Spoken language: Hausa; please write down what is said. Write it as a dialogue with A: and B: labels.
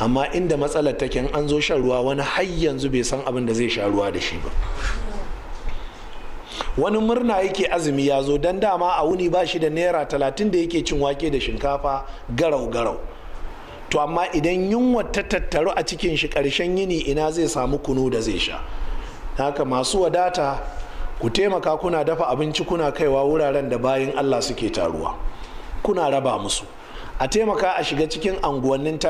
A: amma inda matsalar take an zo shan ruwa wani har yanzu bai san abin da zai sha ruwa da shi ba wani murna yake azumi ya zo don dama a wuni ba shi da naira talatin da yake cin wake da shinkafa garau garau to amma idan yunwa ta tattaru a cikin shi karshen yini ina zai samu kunu da zai sha haka masu wadata ku taimaka kuna dafa abinci kuna kaiwa wuraren da bayan allah suke taruwa kuna raba musu a taimaka a shiga cikin anguwannin